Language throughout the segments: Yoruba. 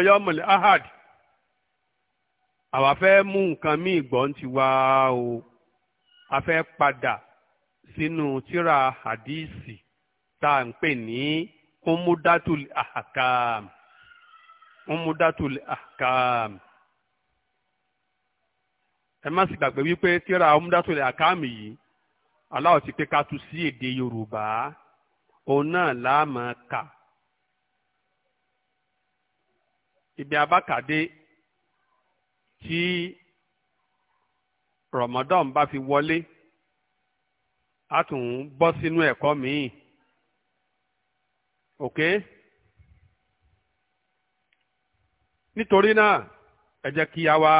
fẹ́yọ́mọ̀lẹ́ ahad àwa fẹ́ mú nǹkan míì gbọ́ ń ti wá o a fẹ́ padà sínú tíra hadísì tá à ń pè ní umudatul ahkam umudatul ahkam ẹ má sì gbàgbé wípé tíra umudatul ahkam yìí aláwọ̀ ti pé ká tu sí èdè yorùbá òun náà láàmú kà. ibi abákàdé tí Ramadan bá fi wọlé a tún bọ́ sínú ẹ̀kọ́ míì ok nítorí náà ẹ jẹ́ kí a wá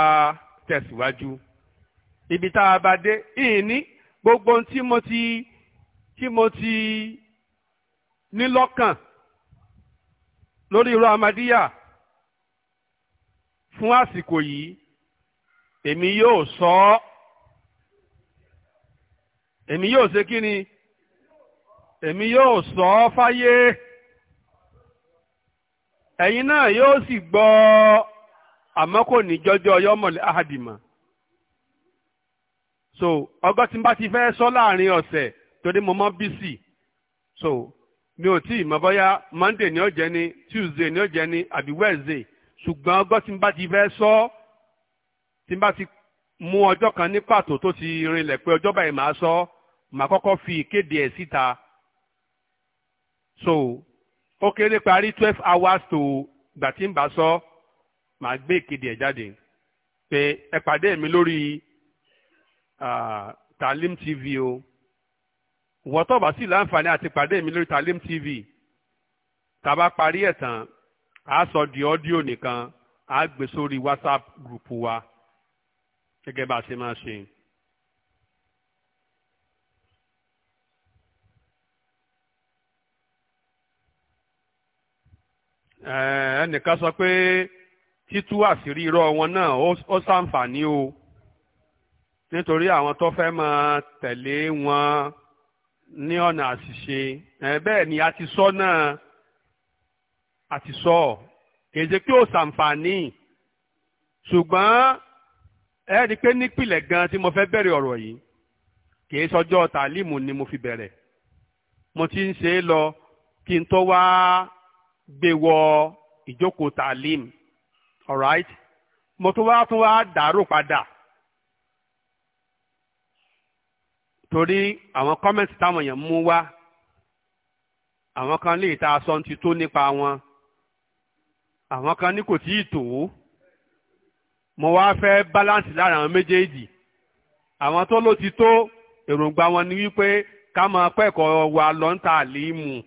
tẹ̀síwájú ibi tá a bá dé ìní gbogbo tí mo ti tí mo ti ní lọ́kàn lórí irú amadíyà. fún àsìkò yìí èmi yóò sọ ọ́ èmi yóò ṣe kí ni èmi yóò sọ ọ́ fáyé ẹyin náà yóò sì gbọ́ àmọ́ kò ní jọjọ́ so ọgọ́ tí n bá ti fẹ́ sọ láàrin ọ̀sẹ̀ torí mo mọ bísí so mi ò tí ì mọ bóyá monday ni ó jẹ́ ni tuesday ni ó ni àbí wednesday ṣùgbọ́n ọgọ́ tí n bá ti fẹ́ sọ tí n bá ti mú ọjọ́ kan ní pàtó tó ti rinlẹ̀ pé ọjọ́ báyìí màá sọ màá kọ́kọ́ fi ìkéde ẹ̀ síta so ó kéré parí twelve hours to gbà tí n bá sọ màá gbé ìkéde ẹ̀ jáde pé ẹ pàdé mi lórí Talim TV o wọ́n tó bá sì láǹfààní àti pàdé mi lórí Talim TV tàbá parí ẹ̀ tán a sọ di ọ́díò nìkan a gbé sórí whatsapp group wa gẹ́gẹ́ bá a ṣe máa ṣe. ẹnìkan sọ pé títú àṣírí irọ́ wọn náà ó ṣàǹfààní o nítorí àwọn tó fẹ́ máa tẹ̀lé wọn ní ọ̀nà àṣìṣe bẹ́ẹ̀ ni a ti sọ náà. àti sọ ọ kì í ṣe pé ó ṣàǹfààní ṣùgbọ́n ẹ rí i pé nípìnlẹ̀ gan tí mo fẹ́ bẹ̀rẹ̀ ọ̀rọ̀ yìí kì í sọjọ́ tàlímù ni mo fi bẹ̀rẹ̀ mo ti ń ṣe é lọ kí n tó wá gbé wọ ìjókòó tàlímù alright mo tún wá tún wá dàrú padà torí àwọn kọ́mẹ̀ntì táwọn èèyàn mú wá àwọn kan lè ta aṣọ ti tó nípa wọn àwọn kan ní kò tí ì tó mo wá fẹ́ balance lára àwọn méjèèjì àwọn tó ló ti tó èròǹgbà wọn ni wípé ká máa kẹ́kọ̀ọ́ wa lọ ń ta àlímù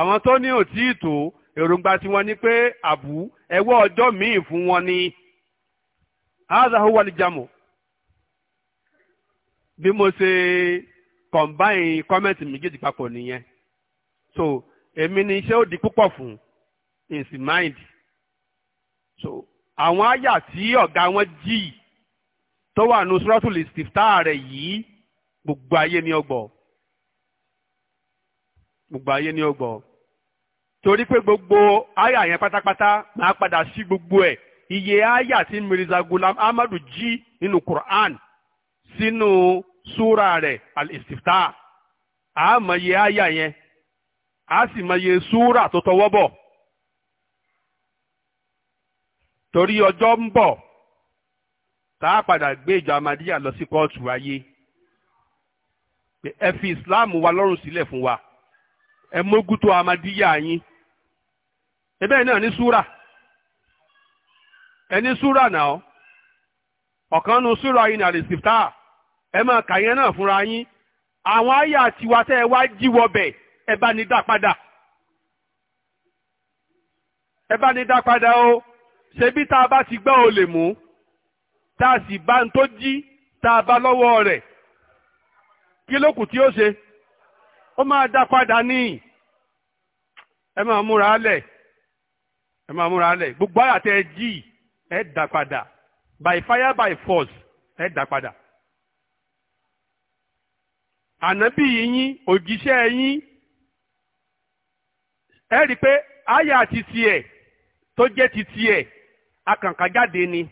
àwọn tó ní ò tí ì tó èròǹgbà tiwọn ni pé àbú ẹwọ́ ọjọ́ míì fún wọn ni azahu walijamu bí mo ṣe combine comment méjèèjì papọ̀ nìyẹn so èmi ni iṣẹ́ ó di púpọ̀ fún in mind so àwọn àyà tí ọ̀gá wọn jì tó wà nù suratul istiftah rẹ̀ yìí gbogbo ayé ni ọgbọ̀ gbogbo ayé ni ọgbọ̀ torí pé gbogbo àyà yẹn pátápátá máa padà sí gbogbo ẹ̀ iye àyà tí Mirza Ghulam Ahmadu jí nínú Quran sínú súra rẹ̀ al-istiftah àmọye àyà yẹn a sì mọye súra tó tọwọ́ bọ̀. torí ọjọ́ ń bọ̀ tá a padà gbé ìjọ amadíyà lọ sí kóòtù ayé ẹ fi ìsìláàmù wa lọ́rùn sílẹ̀ fún wa ẹ mógútó amadíyà yín ẹbẹ́ náà ní súrà ẹ ní súrà náà ọ̀kan nu súrà yìí ní àlèsìftà ẹ máa kà yẹn náà fúnra yín àwọn àyà tiwa tẹ́ ẹ wá jíwọ́ bẹ̀ ẹ bá ní dá padà ẹ bá ní dá padà o. ṣebí tá a bá ti gbá olè mú tá a sì bá ń tó jí tá a bá lọ́wọ́ rẹ̀ kí ló kù tí ó ṣe ó máa dá padà ní ẹ máa múra lẹ̀ ẹ máa múra lẹ̀ gbogbo àyà tẹ ẹ jí ẹ dá padà by fire by force ẹ dá padà ànábì yín òjíṣẹ́ yín ẹ rí i pé àyà ti tiẹ̀ tó jẹ́ ti tiẹ̀ akànkà jáde ni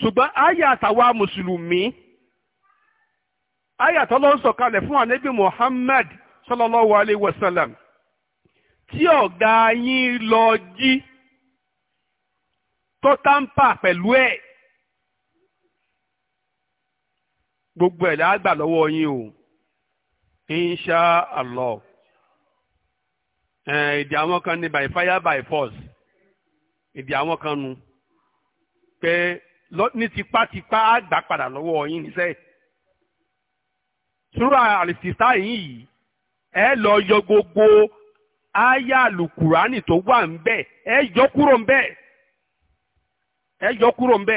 ṣùgbọ́n àyà àtàwa mùsùlùmí àyà tó lọ sọ̀kalẹ̀ fún ànábì Muhammad sallallahu alayhi wa sallam tí ọ̀gá yín lọ jí tó tàǹpà pẹ̀lú ẹ̀ gbogbo ẹ̀ lágbà lọ́wọ́ yín o insha Allah èdè àwọn kan ní by fire by force èdè àwọn kan nu pé ní tipátipá àgbà padà lọ́wọ́ yín níṣẹ́ súrà àlìsísá yìí yìí ẹ lọ yọ gbogbo àyà àlùkùránì tó wà ń bẹ ẹ yọ kúrò ń bẹ ẹ yọ kúrò ń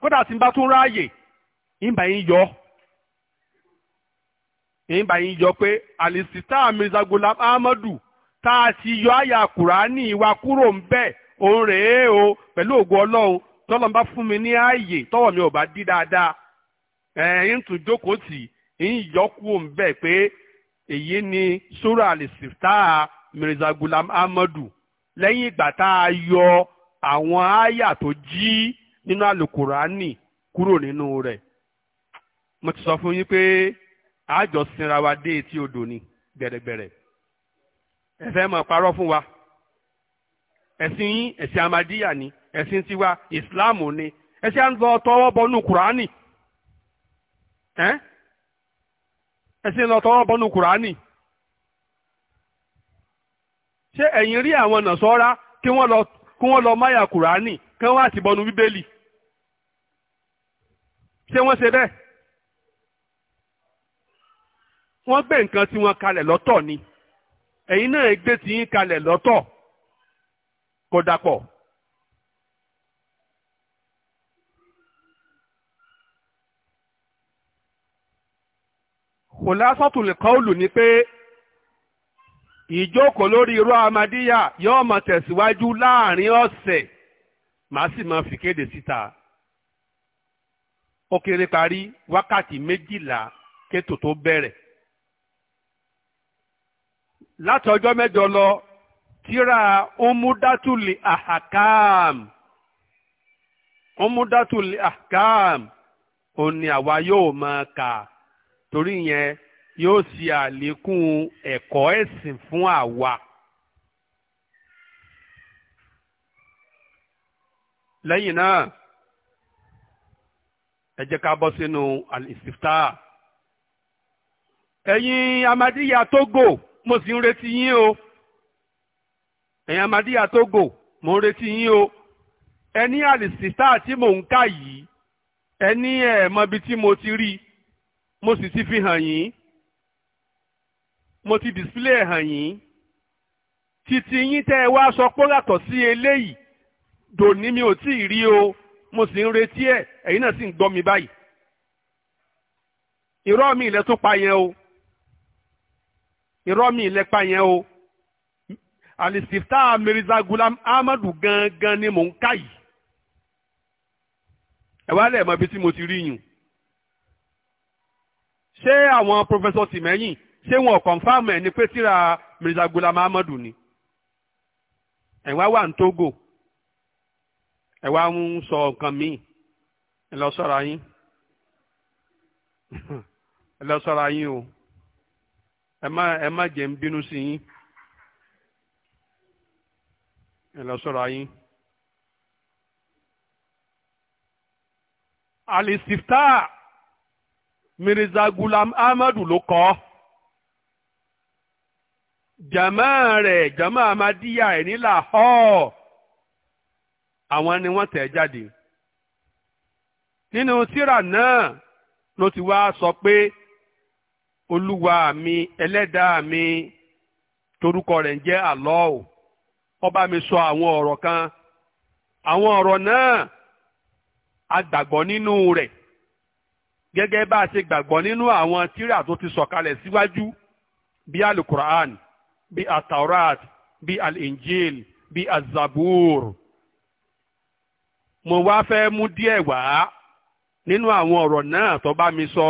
kódà tí bá tún ráàyè ìgbà yín yọ ìgbà yín yọ pé àlìsísá Mirza Ghulam Ahmadu tá a ti yọ àyà kùránì wa kúrò ń òun rèé o pẹ̀lú ògo ọlọ́run tọ́lọ́n bá fún mi ní ààyè tọ́wọ́ mi ò bá dí dáadáa ẹ̀ ń tún jókòó tì ń yọkú òun bẹ́ẹ̀ pé èyí ni sura alisifta mirza gulam amadu lẹ́yìn ìgbà tá a yọ àwọn àyà tó jí nínú alukurani kúrò nínú rẹ̀ mo ti sọ fún yín pé àjọsìnra wa dé etí odò ni gbẹ̀rẹ̀gbẹ̀rẹ̀ ẹ fẹ́ mọ̀ parọ́ fún wa ẹ̀sìn yín ẹ̀sìn amadíyà ni ẹ̀sìn tiwa ìsìláàmù ni ẹ̀sìn à ń lọ tọwọ́ bọnú kùránì ẹ̀sìn lọ tọwọ́ bọnú kùránì ṣé ẹ̀yin rí àwọn nàṣọ́ra kí wọ́n lọ kí wọ́n lọ máyà kùránì kí wọ́n àti bọnú bíbélì ṣé wọ́n ṣe bẹ́ẹ̀ wọ́n gbé nǹkan tí wọ́n kalẹ̀ lọ́tọ̀ ni ẹ̀yin náà gbé tiyín kalẹ̀ lọ́tọ̀ kó dàpọ̀. kòlásọ́tù kọ́ọ̀lù ni pé ìjókòó lórí irú amadíyà yóò máa tẹ̀síwájú láàrin ọ̀sẹ̀ màá sì máa fi kéde síta ó kéré parí wákàtí méjìlá kétò tó bẹ̀rẹ̀ láti ọjọ́ mẹ́jọ lọ tíra umudatuli ahakam umudatuli ahakam òun ni àwa yóò máa kà torí yẹn yóò ṣe àlékún ẹ̀kọ́ ẹ̀sìn fún àwa. lẹ́yìn náà ẹ jẹ́ ká bọ́ sínú àlìsíftà ẹ̀yin amadíyà tógò mo sì ń retí yín o ẹ̀yin amadíyà Tógò mò ń retí yín o ẹ ní àlìsítà tí mò ń kà yìí ẹ ní ẹ̀ mọbi tí mo ti rí mo sì ti fi hàn yín mo ti display ẹ̀ hàn yín títí yín tẹ́ ẹ wá sọ pé sí eléyìí dòní mi ò tí ì rí o mo sì ń retí ẹ̀ ẹ̀yin náà sì ń gbọ́ mi báyìí irọ́ mi ilẹ̀ tún pa yẹn o irọ́ mi ilẹ̀ pa yẹn o. Alisifta mirza gulam amadu gangan ni mò ń ká yìí ẹ wá lẹ́ẹ̀mọ́ ibi tí mo ti rí yùn ṣé àwọn pòfẹ́sọ̀ tìmẹ́yìn ṣé wọn kọ̀ǹfàmù ẹ̀ ni pé tíra mirza gulam amadu ni ẹ̀ wá wà ní Togo ẹ̀ wá ń sọ nǹkan míì ẹ lọ sọ́ra yín ẹ lọ sọ́ra yín o ẹ má ẹ má jẹ́ ń bínú sí yín ẹ lọ sọ́ra yín. alisifta mirza gulam ahmadu ló kọ jama rẹ̀ jama amadiya ẹ ní Lahore àwọn ni wọ́n tẹ̀ jáde nínú tírà náà ló ti wá sọ pé olúwa mi ẹlẹ́dàá mi torúkọ rẹ̀ ń jẹ́ Allah kó bá mi sọ àwọn ọ̀rọ̀ kan àwọn ọ̀rọ̀ náà a gbàgbọ́ nínú rẹ̀ gẹ́gẹ́ bá a ṣe gbàgbọ́ nínú àwọn tírà tó ti sọ̀kalẹ̀ síwájú bí alukur'an bí ataurat bí alinjil bí azabur mo wá fẹ́ mú díẹ̀ wá nínú àwọn ọ̀rọ̀ náà tó bá mi sọ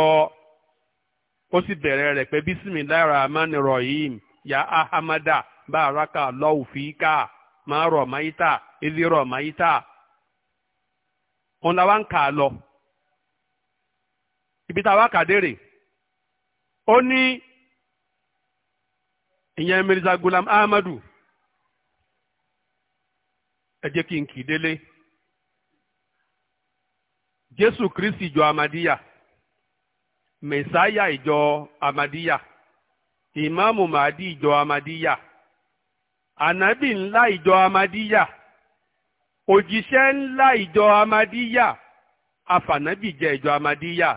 ó sì bẹ̀rẹ̀ rẹ̀ pé bísímìláì rahman rahim ya ahamada bàrákà lọ́ọ̀fíìkà máa rọ̀ máyítà ilé rọ̀ máyítà òun la wá ń kà ibi tá a wá ó ní ìyẹn Mirza Gulam Ahmadu ẹ jẹ́ kí n kì í délé Jésù Kristi ìjọ Amadiya Mẹsáyà ìjọ Amadiya Ìmáàmù Màdí ìjọ Amadiya. ànábì ńlá ìjọ amadíyà òjíṣẹ́ ńlá ìjọ amadíyà afànábì jẹ́ ìjọ amadíyà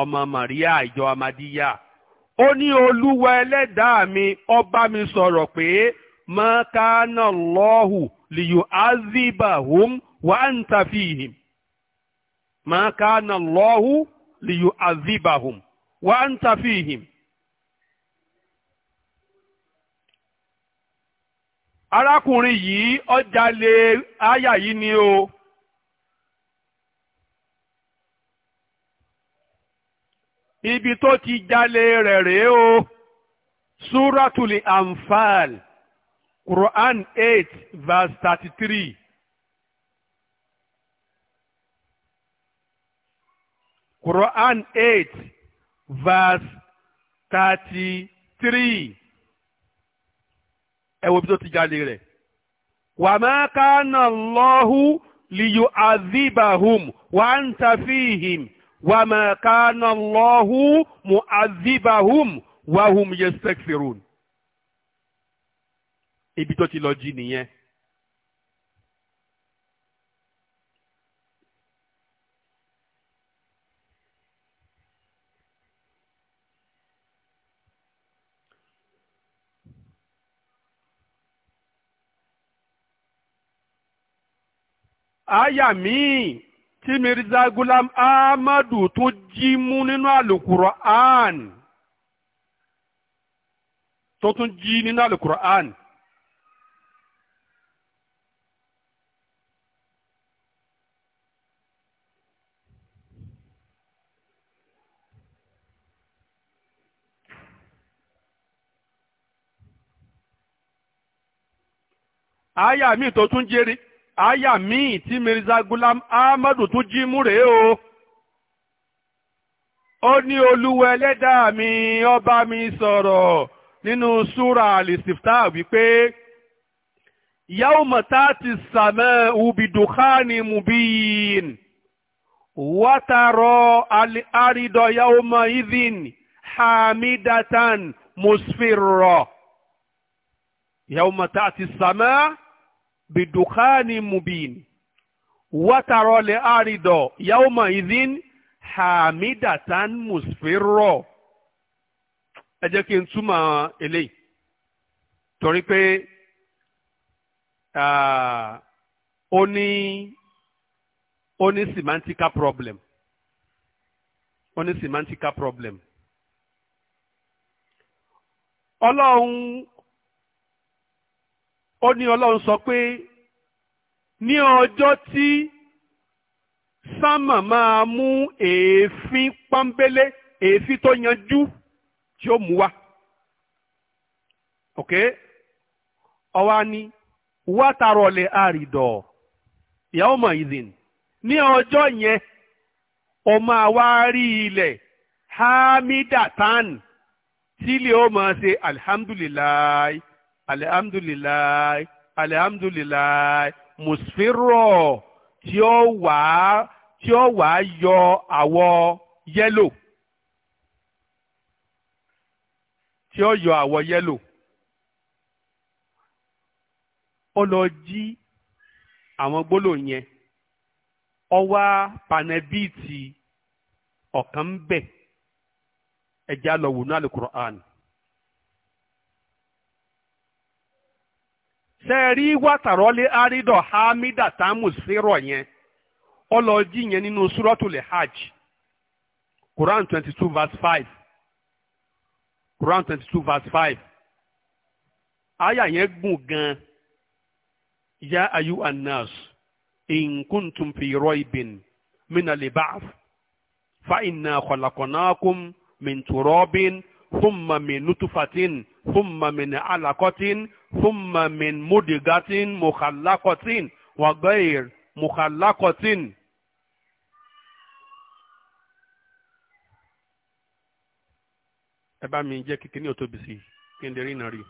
ọmọ Màríà ìjọ amadíyà ó ní olúwa ẹlẹ́dàá mi ó mi sọ̀rọ̀ pé mọ́kánà lọ́hù lìyù azibahum wà ń tàfihìm mọ́kánà lọ́hù lìyù azibahum wà ń tàfihìm. arákùnrin yìí ọjàlè àyà yìí ni o ibi tó ti jalè rẹ̀ rèé o súrátùlì Anfal Quran eight verse thirty-three. Quran eight verse thirty ẹ wo bí tó ti jalè rẹ̀ wa ma kana Allahu liyu'adhibahum wa anta fihim wa ma kana Allahu mu'adhibahum wa hum yastaghfirun ibi tó ti lọ jí nìyẹn àyà míì tí mirza gulam ahmadu tún jí mú nínú alukur'an tó tún jí nínú alukur'an. àyà míì tó tún jẹ́rìí àyà míì tí Mirza Gulam Ahmadu tún jí mú rèé o ó ní olúwa ẹlẹ́dàá mi ọba mi sọ̀rọ̀ nínú súra àlìsìftà wípé yawma tati samau bidukhani mubin wátàrọ̀ àrídọ̀ yawma idhin hamidatan musfirra yawma tati samau bidukhani mubin watarole arido yauma idhin hamidatan musfirro ẹ jẹ́ kí n túmọ̀ eléyìí torí pé ah, ó ní ó ní semantical problem ó ní semantical problem ọlọ́run ó ní ọlọ́run sọ pé ní ọjọ́ tí sámà máa mú èéfín pọ́nbélé èéfín tó yanjú tí ó mú wá ok ọwá ni wátàrọ̀lẹ̀ àrìdọ̀ ìyàwó mọ̀ ìzìn ní ọjọ́ yẹn ó máa wá rí ilẹ̀ hamidatan tí ilé ó máa ṣe alihamdulilayi alihamdulilayi alihamdulilayi musfiro tí ó wà tí ó wà yọ àwọ̀ yẹ́lò tí ó yọ àwọ̀ yẹ́lò ó lọ jí àwọn gbólò yẹn ó wá panẹ́bíìtì ọ̀kan ń bẹ̀ ẹ̀já wò ní Al-Qur'an. sẹ́ẹ̀rí wàtàrọ́lé àrídọ̀ hamida tamu sírọ̀ yẹn ọlọ́ọ̀jì yẹn nínú súrọ́tùlẹ̀ hajj Quran twenty two verse five Quran twenty two verse five aya yẹn gùn gan ya ayu anas in kuntum fi raibin min al-ba'th fa inna khalaqnakum min turabin thumma min nutfatin thumma min alaqatin thumma min mudigatin mukhallaqatin wa ghayr mukhallaqatin. ẹ bá mi jẹ́ kíkí ní òtóbi sí kí n lè rí iná rí.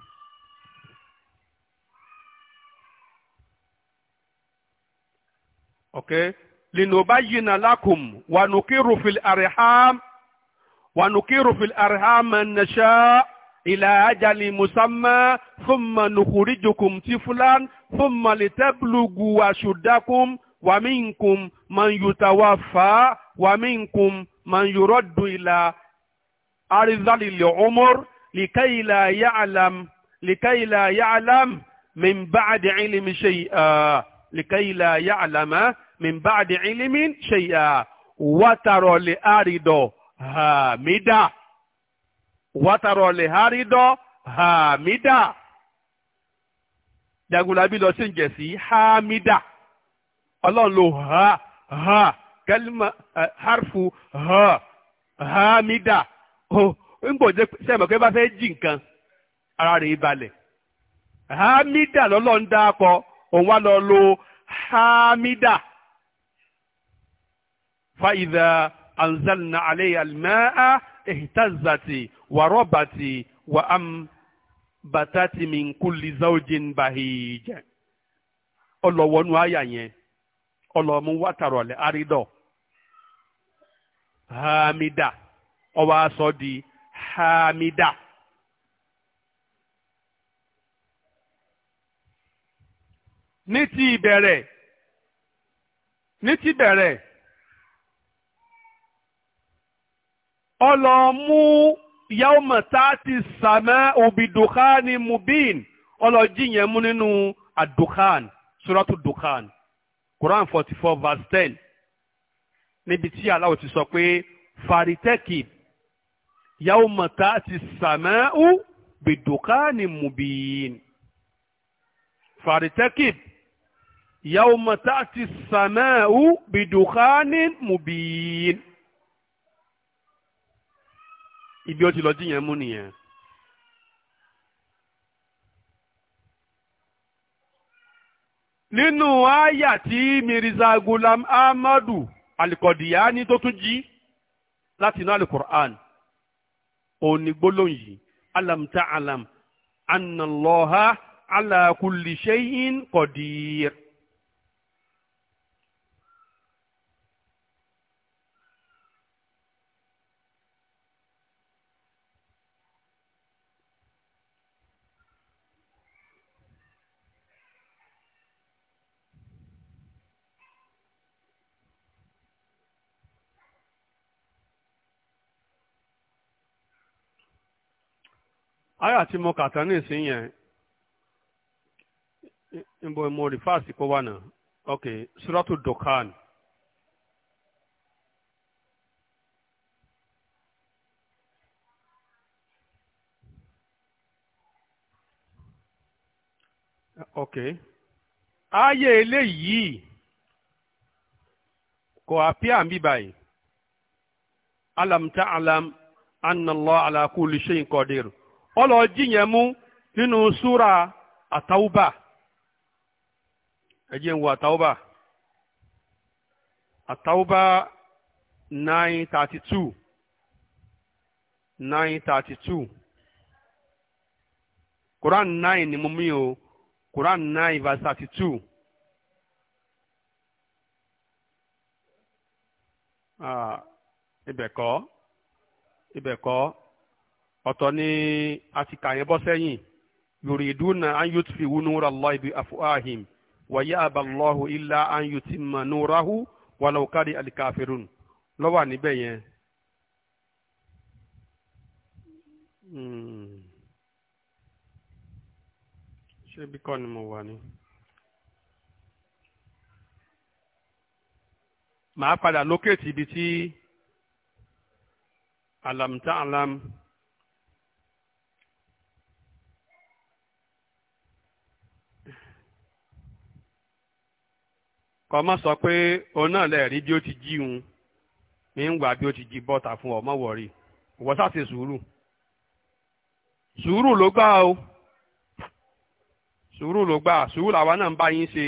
okay لنبين لكم ونقر في الأرحام ونقر في الأرحام من نشاء إلى أجل مسمى ثم نخرجكم طفلا ثم لتبلغوا أشدكم ومنكم من يتوفى ومنكم من يرد إلى أرض العمر لكي لا يعلم لكي لا يعلم من بعد علم شيئا لكي لا يعلم من بعد علم شيئا وترى الأرض هامدة wàtàrọ̀ lè hárídọ́ hàmídà Jagunlabi lọ sí ìjẹ̀sí hàmídà ọlọ́run ló ha ha kẹlímà harfu ha hàmídà ó ń bò jẹ́ sẹ́mi pé bá fẹ́ jí nǹkan ara rẹ̀ balẹ̀ hàmídà lọ́lọ́run dáàpọ̀ òun wá lọ lo hàmídà fa ìdá anzalna alẹ́ àlùmọ́ warobati wa am batati min kulli zawjin bahija ọlọwọnu àyà yẹn ọlọmú wàtàrọlẹ àrídọ hamida ọwọ aṣọ di hamida. ní ti ìbẹ̀rẹ̀ ní ti bẹ̀rẹ̀ ọlọmú yawma tati sama'u bidukhanin mubin ọlọ́jì yẹn mú nínú adukhan suratu dukhan quran forty four verse ten níbi tí aláwọ̀ ti sọ pé faritẹ́kì yawma tati sama'u bidukhanin mubin faritẹ́kì yawma tati sama'u bidukhanin mubin ibi ó ti lọ dìyẹn mú nìyẹn. nínú àyà tí mirza gulam ahmadu alikọdìyàní tó tún jí láti inú alukur'an òní gbólóhùn yìí alam anna Allaha ala kulli àyà tí mo kàtà ní ìsín yẹn nbọ mo rìfáàsì kó wà náà ok suratu Dukhan. ok ààyè eléyìí kò àpíà ń bí báyìí alam anna Allah ala kulli shay'in qadir ọlọ́ọ̀jì yẹn mú nínú súra àtàwùbà ẹ jẹ́ ń wo àtàwùbà àtàwùbà nine thirty two nine thirty two Quran nine ni mo mí o Quran nine verse thirty two. Ah, ibẹ̀ kọ́ ibẹ̀ kọ́ ọ̀tọ̀ ni a ti kà yẹn bọ́ sẹ́yìn yuriduna an yutfi'u nurallahi bi afwahim wa ya'ba Allahu illa an yutimma nurahu walau kari alikafirun lọ́wọ́ níbẹ̀ yẹn. Hmm. ṣé bí kọ́ ni mo wà ní. màá padà lókèétì ibi alamta alam. alam kọ́ mọ́ sọ pé òun náà lè rí bí ó ti jí un mi ń gbà bí ó ti jí bọ́ta fún ọ mọ́ ìwọ sá sùúrù sùúrù ló gbà o sùúrù ló gbà sùúrù làwa náà ń bá yín ṣe.